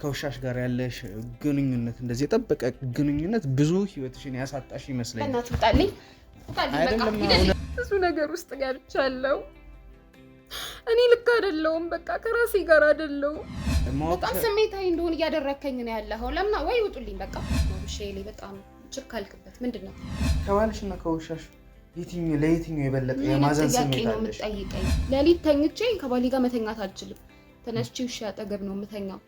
ከውሻሽ ጋር ያለሽ ግንኙነት እንደዚህ የጠበቀ ግንኙነት ብዙ ህይወትሽን ያሳጣሽ ይመስለኛል። ብዙ ነገር ውስጥ ገብቻለሁ። እኔ ልክ አይደለሁም። በቃ ከራሴ ጋር አይደለሁም። በጣም ስሜታዊ እንደሆን እያደረከኝ ነው ያለኸው። ለምና ወይ ውጡልኝ። በቃ ሼሌ በጣም ችግር ካልክበት ምንድን ነው ከባልሽ ከባልሽና ከውሻሽ ለየትኛው የበለጠ የማዘን ስሜት አለሽ? ሌሊት ተኝቼ ከባሌ ጋር መተኛት አልችልም። ተነስቼ ውሻ አጠገብ ነው የምተኛው።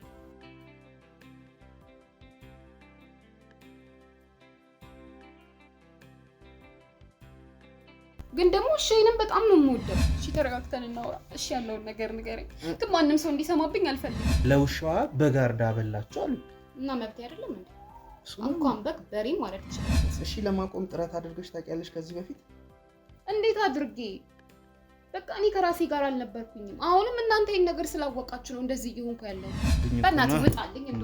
ግን ደግሞ ሻይንም በጣም ነው የምወደው። እሺ ተረጋግተን እናውራ። እሺ ያለውን ነገር ንገረኝ፣ ግን ማንም ሰው እንዲሰማብኝ አልፈልግም። ለውሻዋ በጋርዳ በላቸው አሉ እና መብት አይደለም እንዴ? እንኳን በግ በሬ ማለት ይችላል። እሺ ለማቆም ጥረት አድርገሽ ታውቂያለሽ ከዚህ በፊት? እንዴት አድርጌ? በቃ እኔ ከራሴ ጋር አልነበርኩኝም። አሁንም እናንተ ይህን ነገር ስላወቃችሁ ነው እንደዚህ እየሆንኩ ያለ። በእናትህ ውጣልኝ፣ እንደ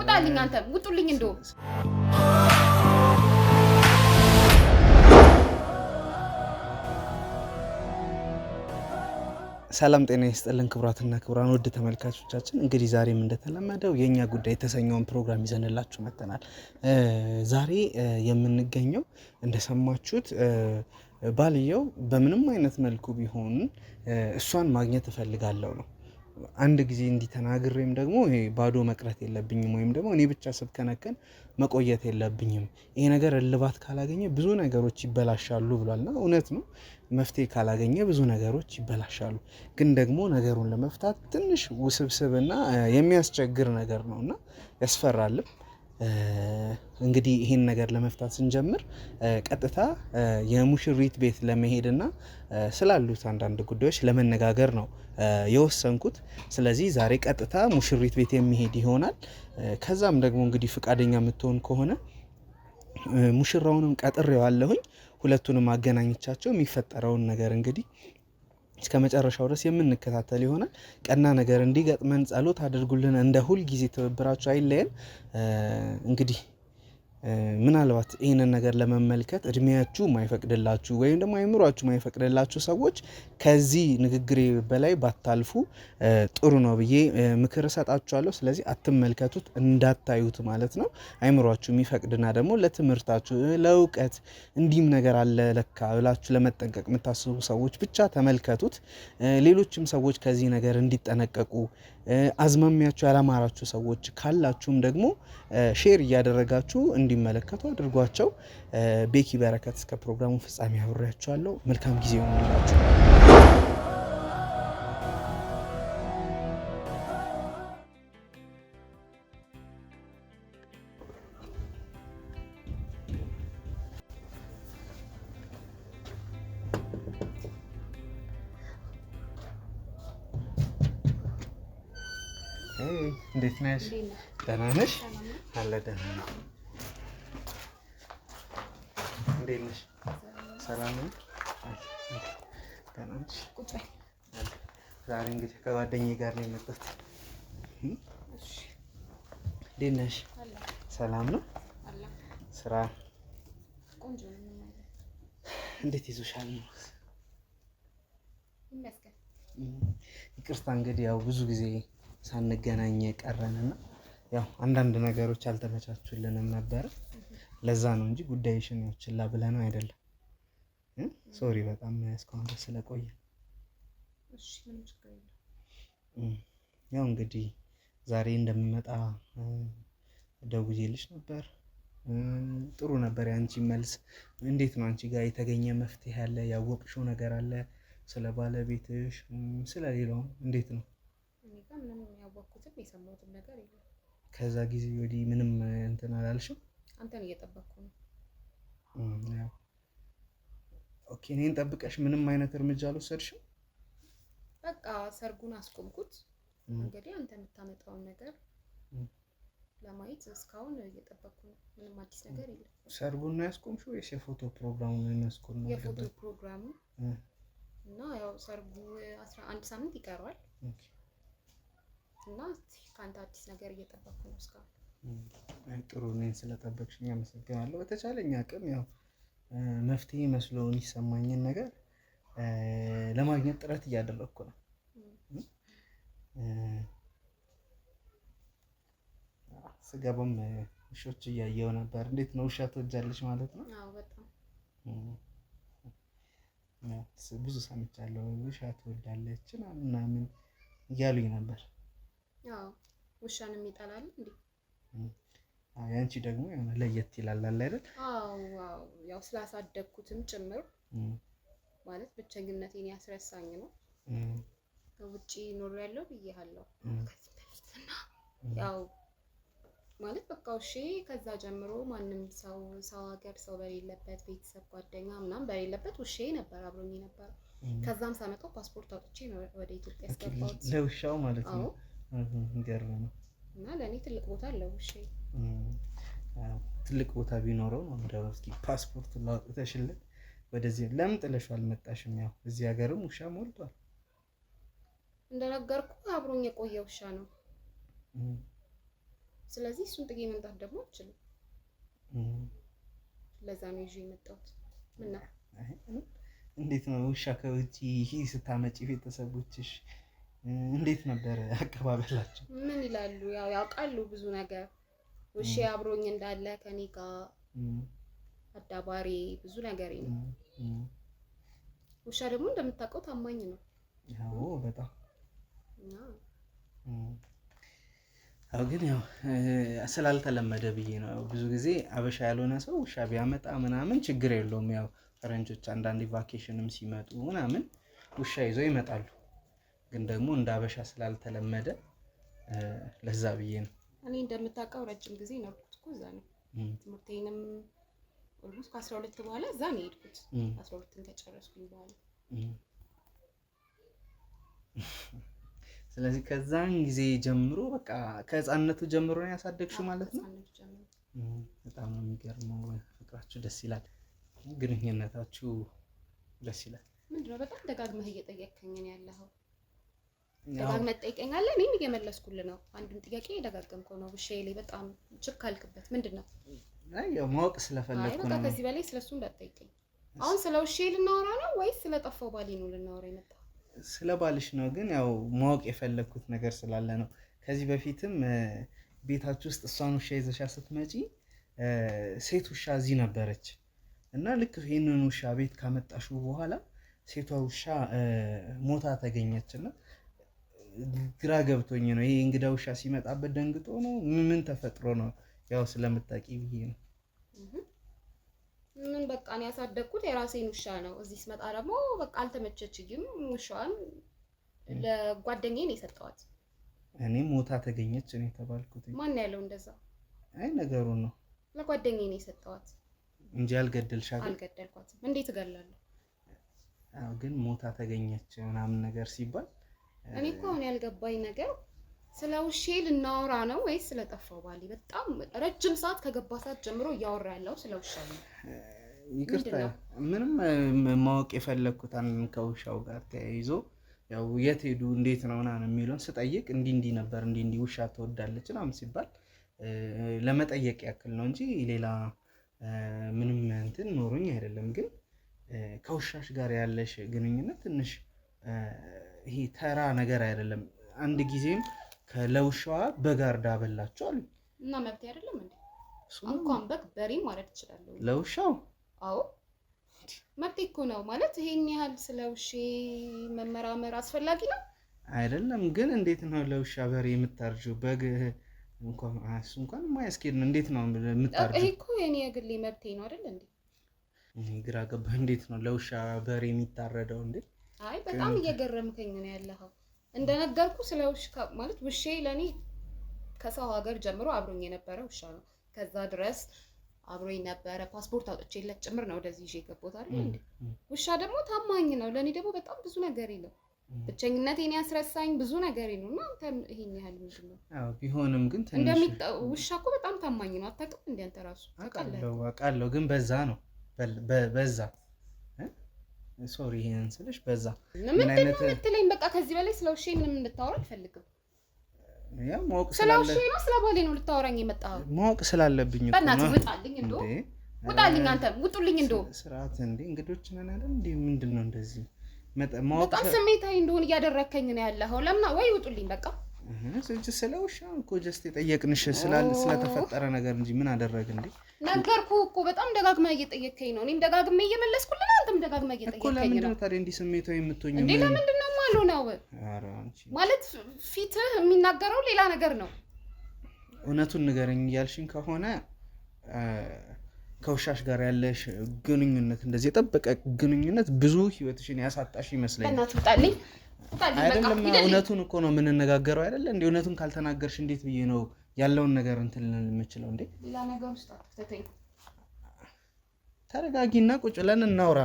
ውጣልኝ፣ አንተ ውጡልኝ እንደ ሰላም ጤና ይስጥልን ክቡራትና ክቡራን ውድ ተመልካቾቻችን፣ እንግዲህ ዛሬም እንደተለመደው የእኛ ጉዳይ የተሰኘውን ፕሮግራም ይዘንላችሁ መጥተናል። ዛሬ የምንገኘው እንደሰማችሁት ባልየው በምንም አይነት መልኩ ቢሆን እሷን ማግኘት እፈልጋለሁ ነው አንድ ጊዜ እንዲተናግር ወይም ደግሞ ባዶ መቅረት የለብኝም ወይም ደግሞ እኔ ብቻ ስብከነከን መቆየት የለብኝም ይሄ ነገር እልባት ካላገኘ ብዙ ነገሮች ይበላሻሉ ብሏል። እውነት ነው። መፍትሄ ካላገኘ ብዙ ነገሮች ይበላሻሉ። ግን ደግሞ ነገሩን ለመፍታት ትንሽ ውስብስብና የሚያስቸግር ነገር ነው እና ያስፈራልም። እንግዲህ ይህን ነገር ለመፍታት ስንጀምር ቀጥታ የሙሽሪት ቤት ለመሄድ እና ስላሉት አንዳንድ ጉዳዮች ለመነጋገር ነው የወሰንኩት። ስለዚህ ዛሬ ቀጥታ ሙሽሪት ቤት የሚሄድ ይሆናል። ከዛም ደግሞ እንግዲህ ፍቃደኛ የምትሆን ከሆነ ሙሽራውንም ቀጥሬዋለሁኝ። ሁለቱንም አገናኝቻቸው የሚፈጠረውን ነገር እንግዲህ እስከ መጨረሻው ድረስ የምንከታተል ይሆናል። ቀና ነገር እንዲገጥመን ጸሎት አድርጉልን። እንደ ሁል ጊዜ ትብብራችሁ አይለየን። እንግዲህ ምናልባት ይህንን ነገር ለመመልከት እድሜያችሁ ማይፈቅድላችሁ ወይም ደግሞ አይምሯችሁ ማይፈቅድላችሁ ሰዎች ከዚህ ንግግሬ በላይ ባታልፉ ጥሩ ነው ብዬ ምክር እሰጣችኋለሁ። ስለዚህ አትመልከቱት፣ እንዳታዩት ማለት ነው። አይምሯችሁ የሚፈቅድና ደግሞ ለትምህርታችሁ፣ ለእውቀት እንዲህም ነገር አለ ለካ ብላችሁ ለመጠንቀቅ የምታስቡ ሰዎች ብቻ ተመልከቱት። ሌሎችም ሰዎች ከዚህ ነገር እንዲጠነቀቁ አዝማሚያችሁ ያላማራችሁ ሰዎች ካላችሁም ደግሞ ሼር እያደረጋችሁ እንዲመለከቱ አድርጓቸው። ቤኪ በረከት እስከ ፕሮግራሙ ፍጻሜ አብሬያችኋለሁ። መልካም ጊዜ ይሆንላችሁ። እንዴት ነሽ? ደህና ነሽ? አለ ደህና ነው። እንዴት ነሽ? ሰላም ነው። ዛሬ እንግዲህ ከጓደኛዬ ጋር ነው የመጣሁት። እንዴት ነሽ? ሰላም ነው። ስራ እንዴት ይዞሻል ነው? ይቅርታ እንግዲህ ያው ብዙ ጊዜ ሳንገናኝ የቀረንና ያው አንዳንድ ነገሮች አልተመቻቹልንም ነበረ። ለዛ ነው እንጂ ጉዳይሽን ያው ችላ ብለነው አይደለም። ሶሪ በጣም እስካሁን ድረስ ስለቆየ። ያው እንግዲህ ዛሬ እንደሚመጣ ደውዬልሽ ነበር። ጥሩ ነበር የአንቺ መልስ። እንዴት ነው አንቺ ጋር የተገኘ መፍትሄ አለ? ያወቅሽው ነገር አለ? ስለ ባለቤትሽ፣ ስለ እንዴት ነው? በቃ ምንም ያወቅኩትም የሰማሁትም ነገር የለም። ከዛ ጊዜ ወዲህ ምንም እንትን አላልሽም? አንተን እየጠበቅኩ ነው። ኦኬ፣ እኔን ጠብቀሽ ምንም አይነት እርምጃ አልወሰድሽም? በቃ ሰርጉን አስቆምኩት። እንግዲህ አንተ የምታመጣውን ነገር ለማየት እስካሁን እየጠበቅኩ ነው። ምንም አዲስ ነገር የለም። ሰርጉን ነው ያስቆምሽው ወይስ የፎቶ ፕሮግራሙ ነው የሚያስቆም? የፎቶ ፕሮግራሙ እና ያው ሰርጉ አስራ አንድ ሳምንት ይቀረዋል። እና ከአንተ አዲስ ነገር እየጠበቅኩ ነው እስካሁን። ጥሩ ነኝ። ስለጠበቅሽኝ አመሰግናለሁ። በተቻለኝ አቅም ያው መፍትሄ መስሎን ይሰማኝን ነገር ለማግኘት ጥረት እያደረግኩ ነው። ስገባም ውሾች እያየው ነበር። እንዴት ነው? ውሻ ትወጃለች ማለት ነው? ብዙ ሰምቻለሁ። ውሻ ትወዳለች ምናምን እያሉኝ ነበር። ውሻንም ይጠላል እንዴ? ያንቺ ደግሞ የሆነ ለየት ይላል አለ አይደል? ያው ስላሳደግኩትም ጭምር ማለት ብቸኝነቴን ያስረሳኝ ነው። ውጪ ኖር ያለው ብዬሃለሁ። ያው ማለት በቃ እሺ። ከዛ ጀምሮ ማንም ሰው ሰው ሀገር ሰው በሌለበት ቤተሰብ ጓደኛ ምናምን በሌለበት ውሼ ነበር አብሮኝ ነበር። ከዛም ሳመጣው ፓስፖርት አውጥቼ ወደ ኢትዮጵያ ያስገባሁት ለውሻው ማለት ነው። እና ለእኔ ትልቅ ቦታ አለው። እሺ ትልቅ ቦታ ቢኖረው ነው እንደው እስኪ ፓስፖርት ላውጥተሽልን ወደዚህ ለምን ጥለሽ አልመጣሽም? ያው እዚህ ሀገርም ውሻ ሞልቷል። እንደነገርኩ አብሮኝ የቆየ ውሻ ነው። ስለዚህ እሱን ጥጌ መምጣት ደግሞ አልችልም። ለዛ ነው ይዤ የመጣሁት። ምነው እንዴት ነው ውሻ ከውጭ ስታመጪ ቤተሰቦችሽ እንዴት ነበር አቀባበላቸው? ምን ይላሉ? ያው ያውቃሉ ብዙ ነገር ውሺ አብሮኝ እንዳለ ከኔ ጋር አዳባሪ ብዙ ነገር ነው። ውሻ ደግሞ እንደምታውቀው ታማኝ ነው። ያው በጣም ግን ያው ስላልተለመደ ብዬ ነው። ብዙ ጊዜ አበሻ ያልሆነ ሰው ውሻ ቢያመጣ ምናምን ችግር የለውም። ያው ፈረንጆች አንዳንድ ቫኬሽንም ሲመጡ ምናምን ውሻ ይዘው ይመጣሉ። ግን ደግሞ እንደ አበሻ ስላልተለመደ ለዛ ብዬ ነው። እኔ እንደምታውቀው ረጅም ጊዜ ነበርኩት እኮ እዛ ነው ትምህርቴንም ኦልሞስ ከአስራ ሁለት በኋላ እዛ ነው የሄድኩት። አስራ ሁለትን ከጨረስኩኝ በኋላ ስለዚህ ከዛን ጊዜ ጀምሮ በቃ ከህፃንነቱ ጀምሮ ነው ያሳደግሽው ማለት ነው። በጣም ነው የሚገርመው። ፍቅራችሁ ደስ ይላል፣ ግንኙነታችሁ ደስ ይላል። ምንድነው በጣም ደጋግመህ እየጠየቅከኝ ነው ያለኸው ደጋግመህ ትጠይቀኛለህ፣ እኔም እየመለስኩልህ ነው። አንድም ጥያቄ የደጋገምከው ነው ብሼ ላይ በጣም ችክ አልክበት። ምንድን ነው ማወቅ ስለፈለግኩ ነው። ከዚህ በላይ ስለሱ እንዳትጠይቀኝ። አሁን ስለ ውሼ ልናወራ ነው ወይስ ስለጠፋው ባሌ ነው ልናወራ የመጣው? ስለ ባልሽ ነው፣ ግን ያው ማወቅ የፈለግኩት ነገር ስላለ ነው። ከዚህ በፊትም ቤታችሁ ውስጥ እሷን ውሻ ይዘሻ ስትመጪ ሴት ውሻ እዚህ ነበረች እና ልክ ይህንን ውሻ ቤት ካመጣሽው በኋላ ሴቷ ውሻ ሞታ ተገኘችና ግራ ገብቶኝ ነው። ይሄ እንግዳ ውሻ ሲመጣበት ደንግጦ ነው ምን ተፈጥሮ ነው? ያው ስለምታውቂ ብዬ ነው። ምን በቃ ነው ያሳደግኩት የራሴን ውሻ ነው። እዚህ ስመጣ ደግሞ በቃ አልተመቸችኝም። ውሻዋን ለጓደኛዬ ነው የሰጠኋት። እኔ ሞታ ተገኘች ነው የተባልኩት። ማን ያለው እንደዛ? አይ ነገሩ ነው ለጓደኛዬ ነው የሰጠኋት እንጂ አልገደልሻት። አልገደልኳትም። እንዴት እገላለሁ? ግን ሞታ ተገኘች ምናምን ነገር ሲባል እኔ እኮ አሁን ያልገባኝ ነገር ስለ ውሼ ልናወራ ነው ወይስ ስለ ጠፋው ባሌ? በጣም ረጅም ሰዓት ከገባ ሰዓት ጀምሮ እያወራ ያለው ስለ ውሻ ነው። ይቅርታ ምንም ማወቅ የፈለግኩት ከውሻው ጋር ተያይዞ ያው የት ሄዱ እንዴት ነው ምናምን የሚለውን ስጠይቅ እንዲህ እንዲህ ነበር እንዲህ እንዲህ ውሻ ትወዳለች ምናምን ሲባል ለመጠየቅ ያክል ነው እንጂ ሌላ ምንም እንትን ኖሮኝ አይደለም። ግን ከውሻሽ ጋር ያለሽ ግንኙነት ትንሽ ይሄ ተራ ነገር አይደለም። አንድ ጊዜም ከለውሻዋ በጋርዳ በላቸዋል እና መብት አይደለም እንዴ? እንኳን በግ በሬ ማለት ይችላል ለውሻው። አዎ መብት እኮ ነው ማለት። ይሄን ያህል ስለ ውሼ መመራመር አስፈላጊ ነው አይደለም። ግን እንዴት ነው ለውሻ በሬ የምታርጁ? በግ እንኳን እሱ እንኳን የማያስኬድ ነው። እንዴት ነው የምታርጁ? ይሄ እኮ የኔ የግሌ መብቴ ነው አይደል እንዴ? ግራ ገባ። እንዴት ነው ለውሻ በሬ የሚታረደው እንዴ? በጣም እየገረምከኝ ነው ያለኸው። እንደነገርኩ ስለ ውሽ ማለት ውሼ ለእኔ ከሰው ሀገር ጀምሮ አብሮኝ የነበረ ውሻ ነው። ከዛ ድረስ አብሮኝ ነበረ። ፓስፖርት አውጥቼ አውጥቼለት ጭምር ነው ወደዚህ ይዤ የገባሁት አይደል እንዴ። ውሻ ደግሞ ታማኝ ነው። ለእኔ ደግሞ በጣም ብዙ ነገር ነው። ብቸኝነቴን ያስረሳኝ ብዙ ነገር ነው። እና አንተ ይሄን ያህል ምንድን ነው? ቢሆንም ግን ትንሽ ውሻ እኮ በጣም ታማኝ ነው። አታውቅም እንደ አንተ ራሱ አውቃለሁ፣ አውቃለሁ ግን በዛ ነው በዛ ሶሪ ይሄን ስልሽ በዛ ምንድን ነው የምትለኝ? በቃ ከዚህ በላይ ስለ ውሼ ምንም እንድታወራ አልፈልግም። ስለ ውሼ ነው ስለ ባሌ ነው ልታወራኝ የመጣኸው? ማወቅ ስላለብኝ እኮ ነው። ውጣልኝ፣ እንደው ውጣልኝ፣ አንተ ውጡልኝ። እንደው ስርዓት እንደ እንግዶች ነን አይደል? እንደ ምንድን ነው እንደዚህ በጣም ስሜታዊ እንደሆን እያደረከኝ ነው ያለኸው። ለምን ወይ ውጡልኝ በቃ ስለውሻ እኮ ጀስት የጠየቅንሽ ስለተፈጠረ ነገር እንጂ ምን አደረግ እንዴ? ነገርኩ እኮ በጣም ደጋግማ እየጠየከኝ ነው። እኔም ደጋግሜ እየመለስኩልን፣ አንተም ደጋግማ እየጠየከኝ ነው። ለምንድን ነው ታዲያ እንዲህ ስሜታዊ የምትሆኚው? እንዴ ለምንድን ነው ማሉ ነው ማለት ፊትህ የሚናገረው ሌላ ነገር ነው። እውነቱን ንገረኝ እያልሽኝ ከሆነ ከውሻሽ ጋር ያለሽ ግንኙነት እንደዚህ የጠበቀ ግንኙነት ብዙ ህይወትሽን ያሳጣሽ ይመስለኛል። እናትጣልኝ አይደለም እውነቱን እኮ ነው የምንነጋገረው አይደለ? እንዲ እውነቱን ካልተናገርሽ እንዴት ብዬ ነው ያለውን ነገር እንትን የምችለው? እንዴ ተረጋጊና ቁጭ ብለን እናውራ።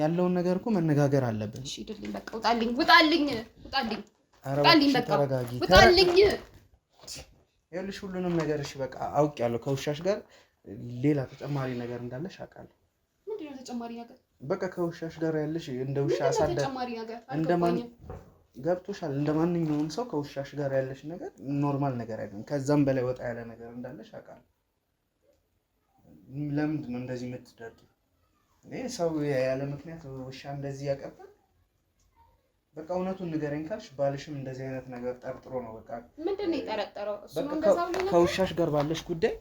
ያለውን ነገር እኮ መነጋገር አለብን። ውጣልኝ! ይኸውልሽ ሁሉንም ነገር እሺ፣ በቃ አውቄያለሁ። ከውሻሽ ጋር ሌላ ተጨማሪ ነገር እንዳለሽ አውቃለሁ። ምንድን ነው ተጨማሪ ነገር? በቃ ከውሻሽ ጋር ያለሽ እንደ ውሻ አሳደ እንደማን ገብቶሻል። እንደ ማንኛውም ሰው ከውሻሽ ጋር ያለሽ ነገር ኖርማል ነገር አይደለም። ከዛም በላይ ወጣ ያለ ነገር እንዳለሽ አውቃለሁ። ለምንድን ነው እንደዚህ የምትደርጊ? ይህ ሰው ያለ ምክንያት ውሻ እንደዚህ ያቀባል? በቃ እውነቱን ንገረኝ ካልሽ ባልሽም እንደዚህ አይነት ነገር ጠርጥሮ ነው። በቃ ምንድን ነው የጠረጠረው? ከውሻሽ ጋር ባለሽ ጉዳይ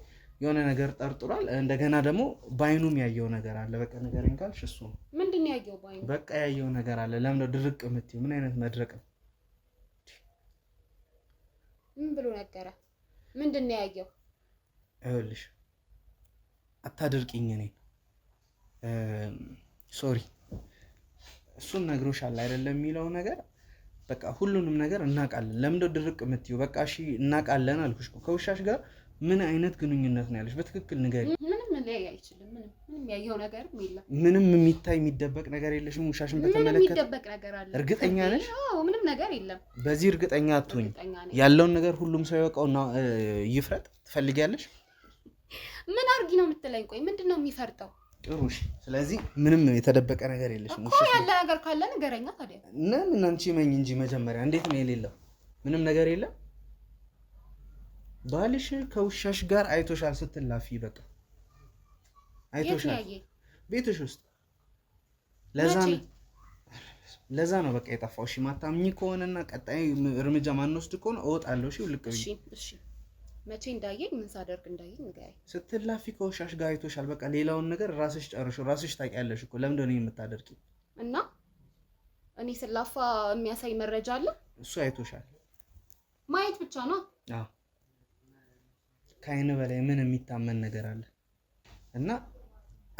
የሆነ ነገር ጠርጥሯል። እንደገና ደግሞ በአይኑም ያየው ነገር አለ። በቃ ንገረኝ ካልሽ እሱ ነው። ምንድን ያየው? በአይኑ በቃ ያየው ነገር አለ። ለምን ድርቅ የምትይው? ምን አይነት መድረቅ ነው? ምን ብሎ ነገረ? ምንድን ነው ያየው? ይኸውልሽ አታድርቅኝ። እኔ ሶሪ እሱን ነግሮሻል አይደለም የሚለው ነገር በቃ ሁሉንም ነገር እናውቃለን። ለምንድን ድርቅ የምትይው? በቃ እሺ እናውቃለን አልኩሽ። ከውሻሽ ጋር ምን አይነት ግንኙነት ነው ያለሽ? በትክክል ንገሪ። ምንም ሊያይ አይችልም። ምንም ምንም ያየው ነገርም የለም። ምንም የሚታይ የሚደበቅ ነገር የለሽም። ውሻሽን በተመለከተ የሚደበቅ ነገር አለ? እርግጠኛ ነሽ? አዎ፣ ምንም ነገር የለም። በዚህ እርግጠኛ አትሁኝ። ያለውን ነገር ሁሉም ሰው ያውቀውና ይፍረጥ ትፈልጊያለሽ? ምን አርጊ ነው የምትለኝ? ቆይ ምንድን ነው የሚፈርጠው? ጥሩ እሺ። ስለዚህ ምንም የተደበቀ ነገር የለሽም እኮ። ያለ ነገር ካለ ንገረኛ ታዲያ። እና ምን አንቺ መኝ እንጂ መጀመሪያ እንዴት ነው የሌለው? ምንም ነገር የለም ባልሽ ከውሻሽ ጋር አይቶሻል ስትላፊ፣ በቃ አይቶሻል ቤትሽ ውስጥ። ለዛ ነው በቃ የጠፋው። እሺ ማታምኝ ከሆነና ቀጣይ እርምጃ ማንወስድ ከሆነ እወጣለሁ። እሺ ውልቅ ብዬሽ እሺ። መቼ እንዳየኝ ምን ሳደርግ እንዳየኝ ንገረኝ። ስትላፊ ከውሻሽ ጋር አይቶሻል። በቃ ሌላውን ነገር ራስሽ ጨርሾ ራስሽ ታውቂያለሽ እኮ ለምንድን ነው የምታደርቂ? እና እኔ ስላፋ የሚያሳይ መረጃ አለ። እሱ አይቶሻል። ማየት ብቻ ነው። አዎ ከአይን በላይ ምን የሚታመን ነገር አለ? እና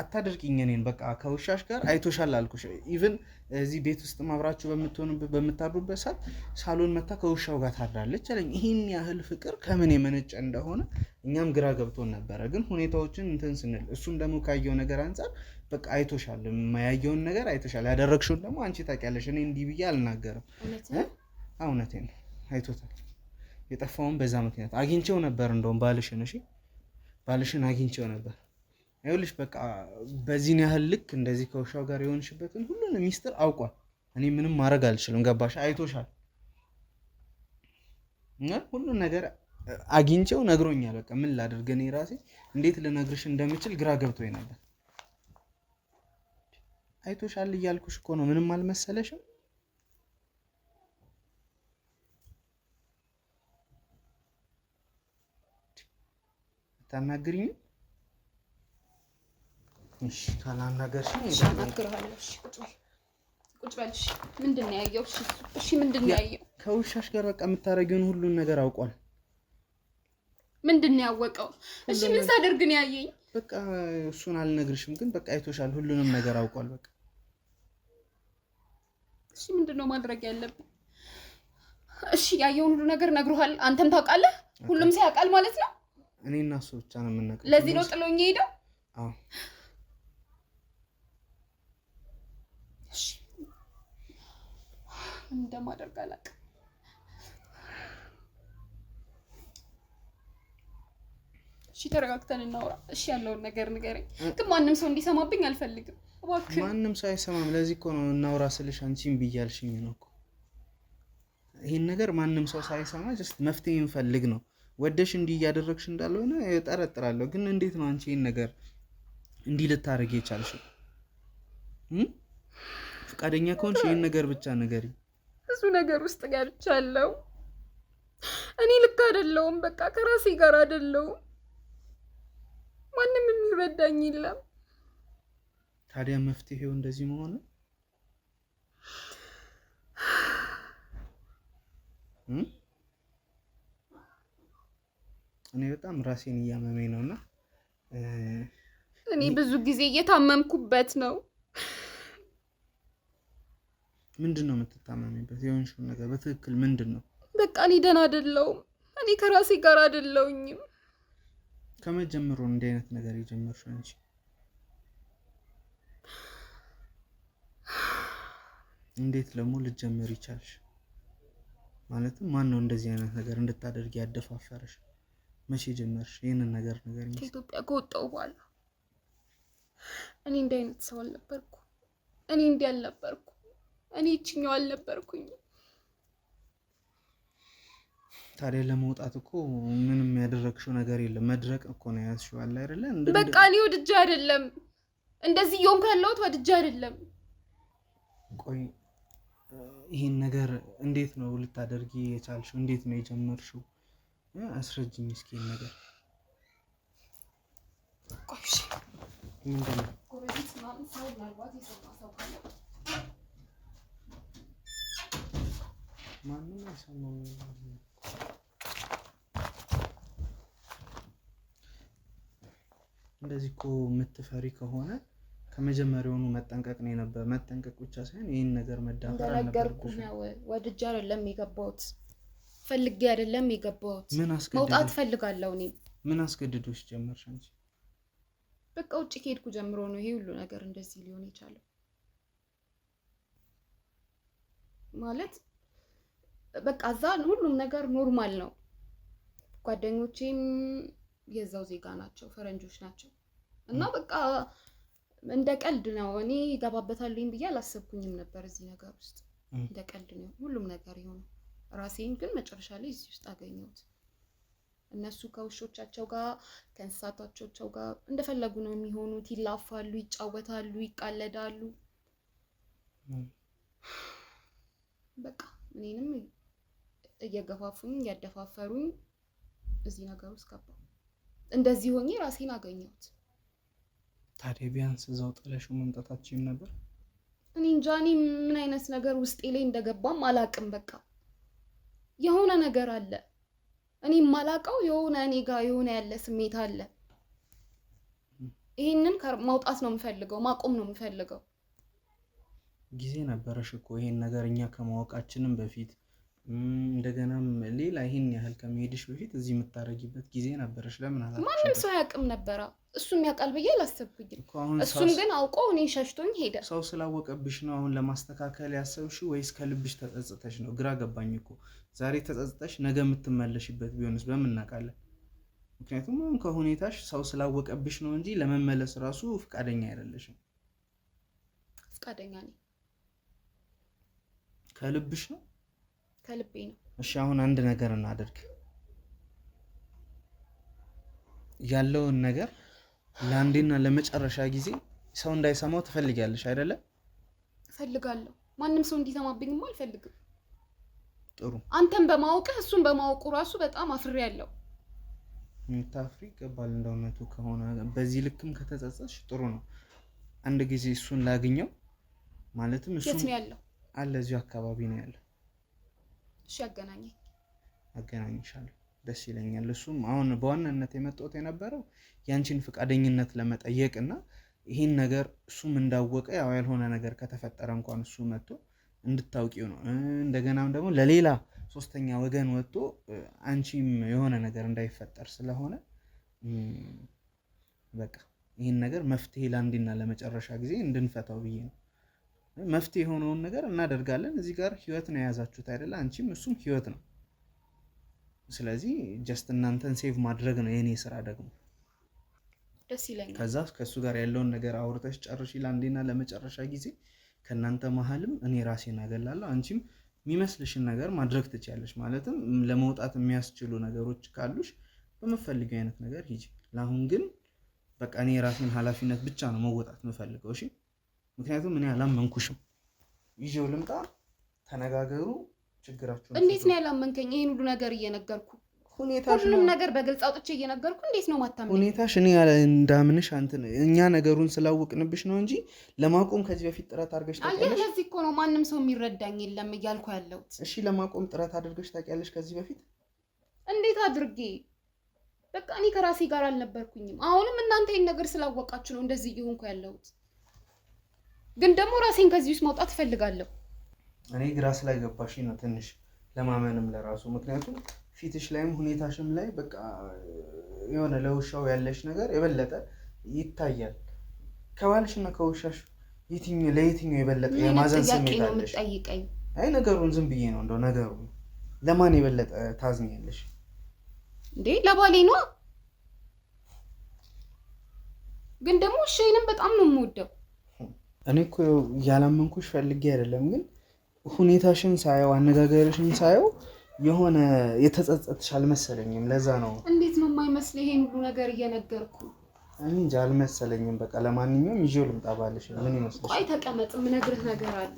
አታደርቂኝ እኔን በቃ ከውሻሽ ጋር አይቶሻል አልኩሽ። ኢቭን እዚህ ቤት ውስጥ ማብራችሁ በምትሆንበት በምታድሩበት ሰዓት ሳሎን መታ ከውሻው ጋር ታድራለች አለኝ። ይህን ያህል ፍቅር ከምን የመነጨ እንደሆነ እኛም ግራ ገብቶን ነበረ። ግን ሁኔታዎችን እንትን ስንል እሱም ደግሞ ካየው ነገር አንጻር በቃ አይቶሻል፣ የማያየውን ነገር አይቶሻል፣ ያደረግሽውን ደግሞ አንቺ ታውቂያለሽ። እኔ እንዲህ ብዬ አልናገርም። እውነቴን ነው አይቶታል። የጠፋውን በዛ ምክንያት አግኝቼው ነበር። እንደውም ባልሽን እሺ፣ ባልሽን አግኝቼው ነበር። ይኸውልሽ በቃ በዚህን ያህል ልክ እንደዚህ ከውሻው ጋር የሆንሽበትን ሁሉን ሚስጥር አውቋል። እኔ ምንም ማድረግ አልችልም። ገባሽ? አይቶሻል። ሁሉን ነገር አግኝቼው ነግሮኛል። በቃ ምን ላድርግ? እኔ ራሴ እንዴት ልነግርሽ እንደምችል ግራ ገብቶኝ ነበር። አይቶሻል እያልኩሽ እኮ ነው። ምንም አልመሰለሽም? ታናግሪኝ? እሺ ካላናገርሽኝ ቁጭ በል። እሺ ምንድን ነው ያየው? እሺ ምንድን ነው ያየው? ከውሻሽ ጋር በቃ የምታደርጊውን ሁሉን ነገር አውቋል። ምንድን ነው ያወቀው? እሺ ምን ሳደርግ ነው ያየኝ? በቃ እሱን አልነግርሽም፣ ግን በቃ አይቶሻል። ሁሉንም ነገር አውቋል። በቃ እሺ ምንድን ነው ማድረግ ያለብን? እሺ ያየውን ሁሉ ነገር ነግሮሃል። አንተም ታውቃለህ። ሁሉም ሰው ያውቃል ማለት ነው። እኔ እና እሱ ብቻ ነው የምናውቀው። ለዚህ ነው ጥሎኝ ሄደው። አዎ እንደማደርግ አላውቅም። እሺ ተረጋግተን እናውራ። እሺ ያለውን ነገር ንገረኝ፣ ግን ማንም ሰው እንዲሰማብኝ አልፈልግም። ማንም ሰው አይሰማም። ለዚህ እኮ ነው እናውራ ስልሽ አንቺም ብያልሽኝ ነው እኮ። ይህን ነገር ማንም ሰው ሳይሰማ መፍትሄ እንፈልግ ነው ወደሽ እንዲህ እያደረግሽ እንዳልሆነ እጠረጥራለሁ። ግን እንዴት ነው አንቺ ይህን ነገር እንዲህ ልታደርግ የቻልሽው? ፈቃደኛ ከሆንሽ ይህን ነገር ብቻ ነገር ብዙ ነገር ውስጥ ገብቻለሁ። እኔ ልክ አይደለሁም። በቃ ከራሴ ጋር አይደለሁም። ማንም የሚረዳኝ የለም። ታዲያ መፍትሄው እንደዚህ መሆኑ እ እኔ በጣም ራሴን እያመመኝ ነው እና እኔ ብዙ ጊዜ እየታመምኩበት ነው። ምንድን ነው የምትታመሚበት? የሆንሽውን ነገር በትክክል ምንድን ነው? በቃ እኔ ደህና አይደለሁም። እኔ ከራሴ ጋር አይደለሁኝም። ከመጀመሩ እንዲህ አይነት ነገር የጀመርሽው አንቺ እንዴት ደግሞ ልጀምር ይቻልሽ? ማለትም ማን ነው እንደዚህ አይነት ነገር እንድታደርግ ያደፋፈረሽ? መቼ ጀመርሽ ይህንን ነገር ነገር ከኢትዮጵያ ከወጣሁ በኋላ እኔ እንዲህ አይነት ሰው አልነበርኩ። እኔ እንዲህ አልነበርኩ። እኔ ይችኛው አልነበርኩኝ። ታዲያ ለመውጣት እኮ ምንም ያደረግሽው ነገር የለም። መድረቅ እኮ ነው ያዝሽው አለ አይደለ? በቃ እኔ ወድጄ አይደለም እንደዚህ እየሆንኩ ያለሁት ወድጄ አይደለም። ቆይ ይህን ነገር እንዴት ነው ልታደርጊ የቻልሽው? እንዴት ነው የጀመርሽው? አስረጅኝ እስኪ ነገር እንደዚህ እኮ የምትፈሪ ከሆነ ከመጀመሪያውኑ መጠንቀቅ ነው የነበረ። መጠንቀቅ ብቻ ሳይሆን ይህን ነገር መዳፈር አለበት። ወድጄ አይደለም የገባሁት ፈልጌ አይደለም የገባሁት። መውጣት ፈልጋለሁ። እኔም ምን አስገድዶች ጀመርሽ አንቺ? በቃ ውጭ ከሄድኩ ጀምሮ ነው ይሄ ሁሉ ነገር እንደዚህ ሊሆን የቻለው። ማለት በቃ እዛ ሁሉም ነገር ኖርማል ነው። ጓደኞቼም የዛው ዜጋ ናቸው፣ ፈረንጆች ናቸው እና በቃ እንደ ቀልድ ነው። እኔ ይገባበታልኝ ብዬ አላሰብኩኝም ነበር እዚህ ነገር ውስጥ። እንደ ቀልድ ነው ሁሉም ነገር የሆነው። ራሴን ግን መጨረሻ ላይ እዚህ ውስጥ አገኘሁት። እነሱ ከውሾቻቸው ጋር ከእንስሳቶቻቸው ጋር እንደፈለጉ ነው የሚሆኑት። ይላፋሉ፣ ይጫወታሉ፣ ይቃለዳሉ። በቃ እኔንም እየገፋፉኝ እያደፋፈሩኝ እዚህ ነገር ውስጥ ገባሁ። እንደዚህ ሆኜ ራሴን አገኘሁት። ታዲያ ቢያንስ እዛው ጥለሽው መምጣታችን ነበር። እኔ እንጃ እኔ ምን አይነት ነገር ውስጤ ላይ እንደገባም አላቅም በቃ የሆነ ነገር አለ። እኔ የማላውቀው የሆነ እኔ ጋር የሆነ ያለ ስሜት አለ። ይህንን ማውጣት ነው የምፈልገው፣ ማቆም ነው የምፈልገው። ጊዜ ነበረሽ እኮ ይሄን ነገር እኛ ከማወቃችንም በፊት እንደገናም ሌላ ይሄን ያህል ከመሄድሽ በፊት እዚህ የምታረጊበት ጊዜ ነበረች። ለምን አላ ማንም ሰው አያውቅም ነበረ። እሱም ያውቃል ብዬ አላሰብኩኝም። እሱም ግን አውቆ እኔን ሸሽቶኝ ሄደ። ሰው ስላወቀብሽ ነው አሁን ለማስተካከል ያሰብሽ ወይስ ከልብሽ ተጸጽተሽ ነው? ግራ ገባኝ እኮ ዛሬ ተጸጽተሽ ነገ የምትመለሽበት ቢሆንስ በምን እናውቃለን? ምክንያቱም አሁን ከሁኔታሽ ሰው ስላወቀብሽ ነው እንጂ ለመመለስ ራሱ ፈቃደኛ አይደለሽም። ፍቃደኛ ነኝ። ከልብሽ ነው ከልቤ ነው። እሺ አሁን አንድ ነገር እናደርግ። ያለውን ነገር ለአንዴና ለመጨረሻ ጊዜ ሰው እንዳይሰማው ትፈልጊያለሽ አይደለ? እፈልጋለሁ። ማንም ሰው እንዲሰማብኝማ አልፈልግም። ጥሩ። አንተን በማወቅህ እሱን በማወቁ ራሱ በጣም አፍሬ ያለው የምታፍሪ ይገባል። እንደ እውነቱ ከሆነ በዚህ ልክም ከተጸጸሽ ጥሩ ነው። አንድ ጊዜ እሱን ላግኘው ማለትም እሱ ያለው? አለ እዚሁ አካባቢ ነው ያለው እሺ አገናኘኝ አገናኝሻለሁ ደስ ይለኛል። እሱም አሁን በዋናነት የመጣሁት የነበረው ያንቺን ፈቃደኝነት ለመጠየቅ እና ይህን ነገር እሱም እንዳወቀ ያው ያልሆነ ነገር ከተፈጠረ እንኳን እሱ መጥቶ እንድታውቂው ነው። እንደገናም ደግሞ ለሌላ ሶስተኛ ወገን ወጥቶ አንቺም የሆነ ነገር እንዳይፈጠር ስለሆነ በቃ ይህን ነገር መፍትሄ ለአንዴና ለመጨረሻ ጊዜ እንድንፈታው ብዬ ነው። መፍትሄ የሆነውን ነገር እናደርጋለን። እዚህ ጋር ህይወት ነው የያዛችሁት አይደለ? አንቺም እሱም ህይወት ነው። ስለዚህ ጀስት እናንተን ሴቭ ማድረግ ነው የእኔ ስራ ደግሞ ደስ ይለኛል። ከዛ ከእሱ ጋር ያለውን ነገር አውርተሽ ጨርሽ ለአንዴና ለመጨረሻ ጊዜ ከእናንተ መሀልም እኔ ራሴ እናገላለሁ። አንቺም የሚመስልሽን ነገር ማድረግ ትችያለሽ። ማለትም ለመውጣት የሚያስችሉ ነገሮች ካሉሽ በምፈልጊው አይነት ነገር ሂጂ። ለአሁን ግን በቃ እኔ የራሴን ኃላፊነት ብቻ ነው መወጣት የምፈልገው። እሺ ምክንያቱም እኔ አላመንኩሽም። ይዤው ልምጣ፣ ተነጋገሩ ችግራችሁ። እንዴት ነው ያላመንከኝ? ይህን ሁሉ ነገር እየነገርኩ ሁሉንም ነገር በግልጽ አውጥቼ እየነገርኩ እንዴት ነው ማታምን? ሁኔታሽ እኔ እንዳምንሽ አንትን እኛ ነገሩን ስላወቅንብሽ ነው እንጂ ለማቆም ከዚህ በፊት ጥረት አድርገሽ ታውቂያለሽ? ለዚህ እኮ ነው ማንም ሰው የሚረዳኝ የለም እያልኩ ያለሁት። እሺ ለማቆም ጥረት አድርገሽ ታውቂያለሽ ከዚህ በፊት? እንዴት አድርጌ በቃ እኔ ከራሴ ጋር አልነበርኩኝም። አሁንም እናንተ ይህን ነገር ስላወቃችሁ ነው እንደዚህ እየሆንኩ ያለሁት። ግን ደግሞ ራሴን ከዚህ ውስጥ ማውጣት እፈልጋለሁ። እኔ ግራ ስላገባሽ ነው ትንሽ ለማመንም ለራሱ ምክንያቱም ፊትሽ ላይም ሁኔታሽም ላይ በቃ የሆነ ለውሻው ያለሽ ነገር የበለጠ ይታያል። ከባልሽና ከውሻሽ ለየትኛው የበለጠ የማዘን ስሜት አለሽ? አይ ነገሩን ዝም ብዬ ነው እንደው ነገሩ ለማን የበለጠ ታዝኛለሽ? እንዴ ለባሌ ነዋ። ግን ደግሞ እሺንም በጣም ነው የምወደው እኔ እኮ ያላመንኩሽ ፈልጌ አይደለም፣ ግን ሁኔታሽን ሳየው አነጋገርሽን ሳየው የሆነ የተጸጸትሽ አልመሰለኝም። ለዛ ነው። እንዴት ነው የማይመስል ይሄን ሁሉ ነገር እየነገርኩ እኔ እንጂ አልመሰለኝም። በቃ ለማንኛውም ይዤው ልምጣ ባልሽ ምን ይመስል? ቆይ ተቀመጥ፣ የምነግርህ ነገር አለ።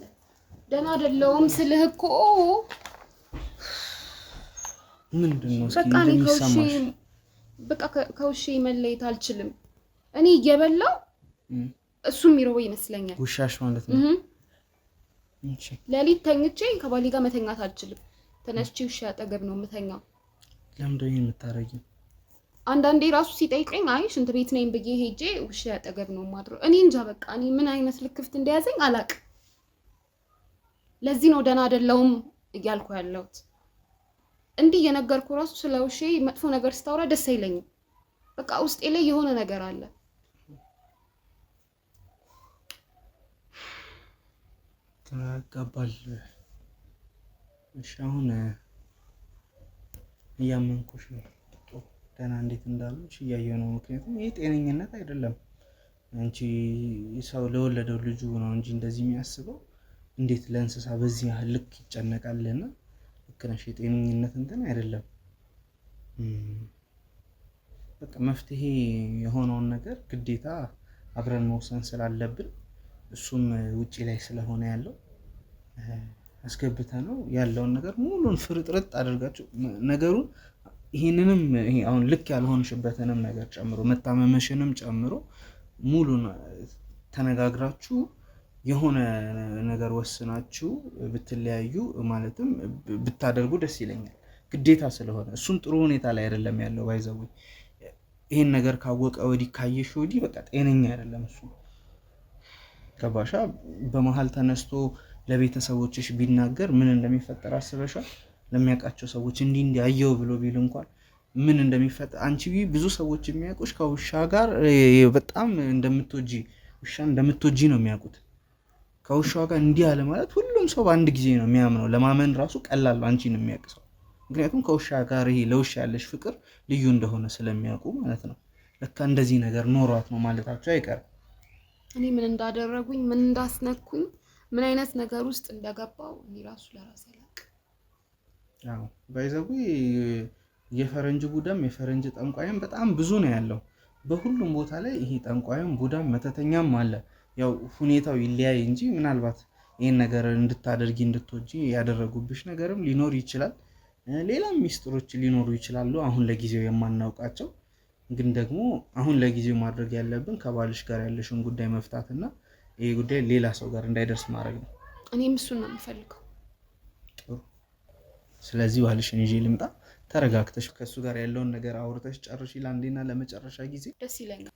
ደህና አይደለሁም ስልህ እኮ ምንድን ነው በቃ ከውሼ በቃ ከውሼ መለየት አልችልም። እኔ እየበላው እሱም የሚረው ይመስለኛል። ውሻሽ ማለት ነው። ሌሊት ተኝቼ ከባሌ ጋር መተኛት አልችልም። ተነስቼ ውሻ አጠገብ ነው የምተኛው። ለምንድን ነው የምታረጊው? አንዳንዴ ራሱ ሲጠይቀኝ አይ ሽንት ቤት ነኝ ብዬ ሄጄ ውሻ ያጠገብ ነው የማድረው። እኔ እንጃ በቃ እኔ ምን አይነት ልክፍት እንደያዘኝ አላቅ ለዚህ ነው ደህና አይደለሁም እያልኩ ያለሁት። እንዲህ የነገርኩ ራሱ ስለ ውሼ መጥፎ ነገር ስታወራ ደስ አይለኝም። በቃ ውስጤ ላይ የሆነ ነገር አለ። ግራ ያጋባል። እሺ አሁን እያመንኩሽ ነው። ደህና እንዴት እንዳለች እያየሁ ነው። ምክንያቱም ይህ ጤነኝነት አይደለም። አንቺ ሰው ለወለደው ልጁ ነው እንጂ እንደዚህ የሚያስበው እንዴት ለእንስሳ በዚህ ያህል ልክ ይጨነቃልና፣ ልክ ነሽ። የጤነኝነት እንትን አይደለም። በቃ መፍትሄ የሆነውን ነገር ግዴታ አብረን መውሰን ስላለብን እሱም ውጪ ላይ ስለሆነ ያለው አስገብተ ነው ያለውን ነገር ሙሉን ፍርጥርጥ አድርጋችሁ ነገሩን ይህንንም ይሄ አሁን ልክ ያልሆንሽበትንም ነገር ጨምሮ መታመመሽንም ጨምሮ ሙሉን ተነጋግራችሁ የሆነ ነገር ወስናችሁ ብትለያዩ ማለትም ብታደርጉ ደስ ይለኛል። ግዴታ ስለሆነ እሱም ጥሩ ሁኔታ ላይ አይደለም ያለው። ባይዘወ ይህን ነገር ካወቀ ወዲህ ካየሽ ወዲህ በቃ ጤነኛ አይደለም እሱ ገባሻ። በመሀል ተነስቶ ለቤተሰቦችሽ ቢናገር ምን እንደሚፈጠር አስበሻል? ለሚያውቃቸው ሰዎች እንዲህ እንዲህ ብሎ ቢል እንኳን ምን እንደሚፈጠር አንቺ ብዙ ሰዎች የሚያውቁሽ ከውሻ ጋር በጣም እንደምትወጂ ውሻ እንደምትወጂ ነው የሚያውቁት። ከውሻዋ ጋር እንዲህ አለ ማለት ሁሉም ሰው በአንድ ጊዜ ነው የሚያምነው። ለማመን ራሱ ቀላል ነው አንቺን የሚያውቅ ሰው። ምክንያቱም ከውሻ ጋር ይሄ ለውሻ ያለሽ ፍቅር ልዩ እንደሆነ ስለሚያውቁ ማለት ነው። ለካ እንደዚህ ነገር ኖሯት ነው ማለታቸው አይቀርም። እኔ ምን እንዳደረጉኝ ምን እንዳስነኩኝ ምን አይነት ነገር ውስጥ እንደገባው እኔ ራሱ ለራሴ አላውቅም። ባይዘጉ የፈረንጅ ቡዳም የፈረንጅ ጠንቋይም በጣም ብዙ ነው ያለው በሁሉም ቦታ ላይ። ይሄ ጠንቋይም ቡዳም መተተኛም አለ። ያው ሁኔታው ይለያይ እንጂ ምናልባት ይህን ነገር እንድታደርጊ እንድትወጂ ያደረጉብሽ ነገርም ሊኖር ይችላል። ሌላም ሚስጥሮች ሊኖሩ ይችላሉ፣ አሁን ለጊዜው የማናውቃቸው። ግን ደግሞ አሁን ለጊዜው ማድረግ ያለብን ከባልሽ ጋር ያለሽውን ጉዳይ መፍታትና ይሄ ጉዳይ ሌላ ሰው ጋር እንዳይደርስ ማድረግ ነው። እኔም እሱን ነው የምፈልገው። ጥሩ። ስለዚህ ባልሽን ይዤ ልምጣ። ተረጋግተሽ ከእሱ ጋር ያለውን ነገር አውርተሽ ጨርሽ፣ ለአንዴና ለመጨረሻ ጊዜ። ደስ ይለኛል።